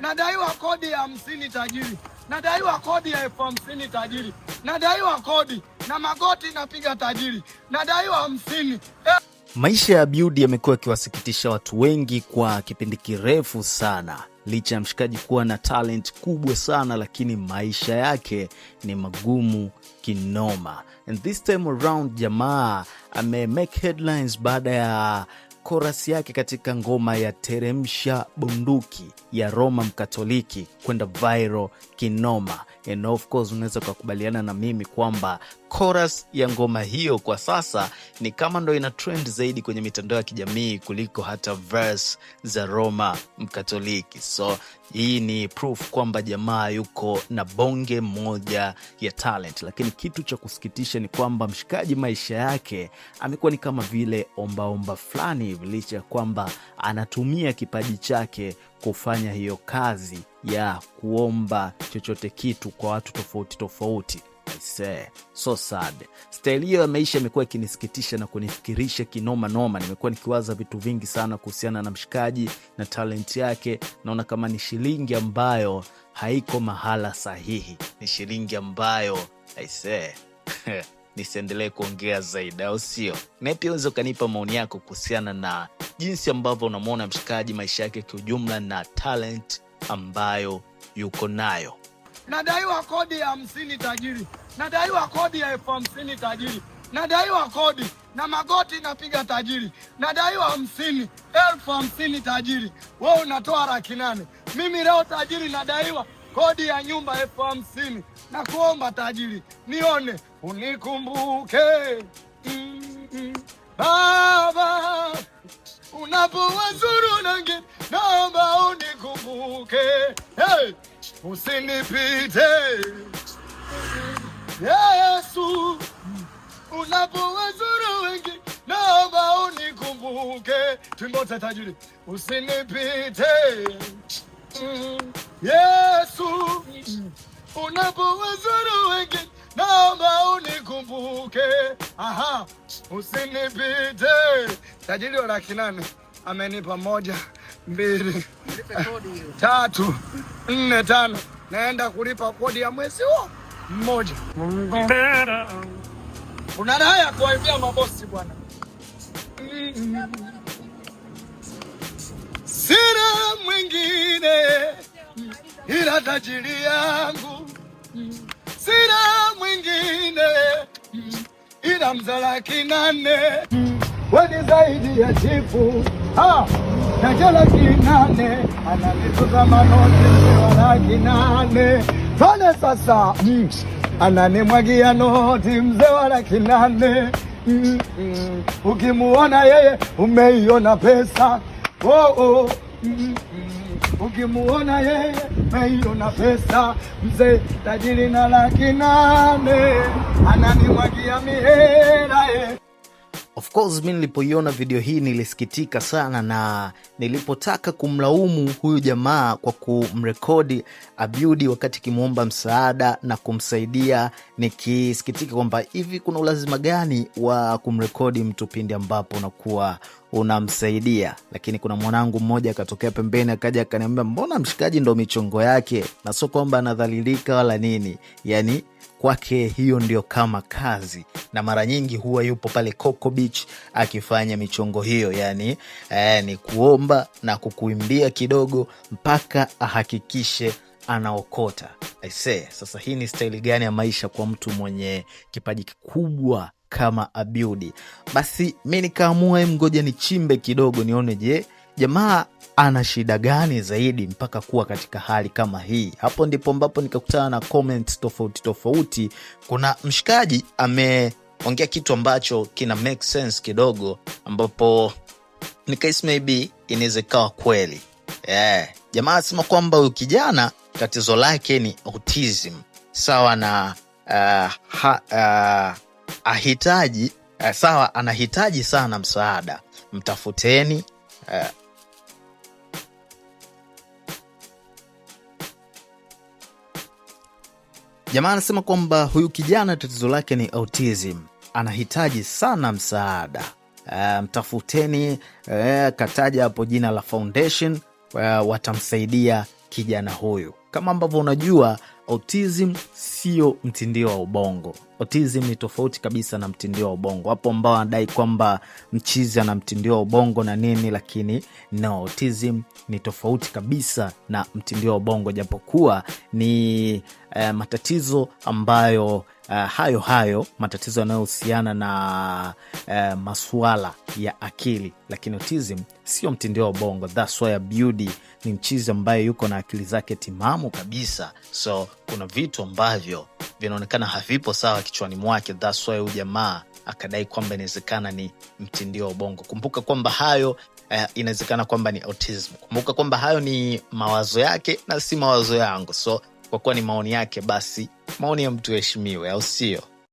nadaiwa kodi ya hamsini tajiri, nadaiwa kodi ya elfu hamsini tajiri, nadaiwa kodi na magoti napiga tajiri, nadaiwa hamsini. Eh. Maisha ya Abiudi yamekuwa yakiwasikitisha watu wengi kwa kipindi kirefu sana. Licha ya mshikaji kuwa na talent kubwa sana, lakini maisha yake ni magumu kinoma. And this time around jamaa ame make headlines baada ya korasi yake katika ngoma ya teremsha bunduki ya Roma Mkatoliki kwenda viral kinoma. And of course unaweza ukakubaliana na mimi kwamba koras ya ngoma hiyo kwa sasa ni kama ndo ina trend zaidi kwenye mitandao ya kijamii kuliko hata verse za Roma Mkatoliki. So hii ni proof kwamba jamaa yuko na bonge moja ya talent, lakini kitu cha kusikitisha ni kwamba mshikaji maisha yake amekuwa ni kama vile ombaomba fulani hivi, licha ya kwamba anatumia kipaji chake kufanya hiyo kazi ya kuomba chochote kitu kwa watu tofauti tofauti. Aisee, so sad. stahili hiyo ya maisha imekuwa ikinisikitisha na kunifikirisha kinoma noma. Nimekuwa nikiwaza vitu vingi sana kuhusiana na mshikaji na talenti yake. Naona kama ni shilingi ambayo haiko mahala sahihi, ni shilingi ambayo aisee nisiendelee kuongea zaidi, au sio? Na pia unaweza ukanipa maoni yako kuhusiana na jinsi ambavyo unamwona mshikaji maisha yake kiujumla na talent ambayo yuko nayo. Nadaiwa kodi ya hamsini tajiri nadaiwa kodi ya elfu hamsini tajiri, nadaiwa kodi na magoti napiga tajiri, nadaiwa hamsini, elfu hamsini tajiri, wewe unatoa laki nane. Mimi leo tajiri, nadaiwa kodi ya nyumba elfu hamsini. kuomba tajiri, nione unikumbuke, mm -mm. Baba unapowazuru nange, naomba unikumbuke, hey, usinipite Yesu, unapowazuru wengi, naomba unikumbuke. Twimbo za usinipite mm. Yesu, unapowazuru wengi, naomba unikumbuke. Aha, usinipite. Tajiri wa laki nane amenipa moja, mbili, tatu, nne, tano, naenda kulipa kodi ya mwezi huo mmoja. Una raha ya kuwaibia mabosi bwana. Sina mwingine ila tajiri yangu, sina mwingine ila mzalaki nane weni zaidi ya chifu najalaki nane ananitazama note walaki nane Tane sasa mm. Ananimwagia noti mzee wa laki nane mm. mm. Ukimuona yeye umeiona pesa oh, oh. Mm. Ukimuona yeye meiona pesa mzee tajiri na laki nane ananimwagia mihela ye Of course mi nilipoiona video hii nilisikitika sana, na nilipotaka kumlaumu huyu jamaa kwa kumrekodi abudi wakati kimwomba msaada na kumsaidia, nikisikitika kwamba hivi kuna ulazima gani wa kumrekodi mtu pindi ambapo unakuwa unamsaidia. Lakini kuna mwanangu mmoja akatokea pembeni akaja akaniambia, mbona mshikaji ndo michongo yake, na sio kwamba anadhalilika wala nini, yani kwake hiyo ndio kama kazi na mara nyingi huwa yupo pale Coco Beach akifanya michongo hiyo, yani eh, ni kuomba na kukuimbia kidogo mpaka ahakikishe anaokota. ise sasa hii ni staili gani ya maisha kwa mtu mwenye kipaji kikubwa kama Abiudi? Basi mi nikaamua mgoja nichimbe kidogo nione, je jamaa ana shida gani zaidi mpaka kuwa katika hali kama hii? Hapo ndipo ambapo nikakutana na comments tofauti tofauti. Kuna mshikaji ameongea kitu ambacho kina make sense kidogo, ambapo nikahisi maybe inaweza ikawa kweli yeah. Jamaa asema kwamba huyu kijana tatizo lake ni autism, sawa na uh, ha, uh, ahitaji uh, sawa, anahitaji sana msaada, mtafuteni uh, Jamaa anasema kwamba huyu kijana tatizo lake ni autism, anahitaji sana msaada. Eh, mtafuteni um, kataja hapo jina la foundation eh, watamsaidia kijana huyu. Kama ambavyo unajua autism sio mtindio wa ubongo. Autism ni tofauti kabisa na mtindio wa ubongo. Wapo ambao wanadai kwamba mchizi ana mtindio wa ubongo na nini, lakini no, autism ni tofauti kabisa na mtindio wa ubongo, japokuwa ni eh, matatizo ambayo uh, hayo hayo matatizo yanayohusiana na uh, eh, masuala ya akili, lakini autism sio mtindio wa bongo. That's why ni mchizi ambaye yuko na akili zake timamu kabisa, so kuna vitu ambavyo vinaonekana havipo sawa kichwani mwake. That's why jamaa akadai kwamba inawezekana ni mtindio wa ubongo. Kumbuka kwamba hayo Uh, inawezekana kwamba ni autism. Kumbuka kwamba hayo ni mawazo yake na si mawazo yangu, so kwa kuwa ni maoni yake, basi maoni ya mtu heshimiwe, au sio?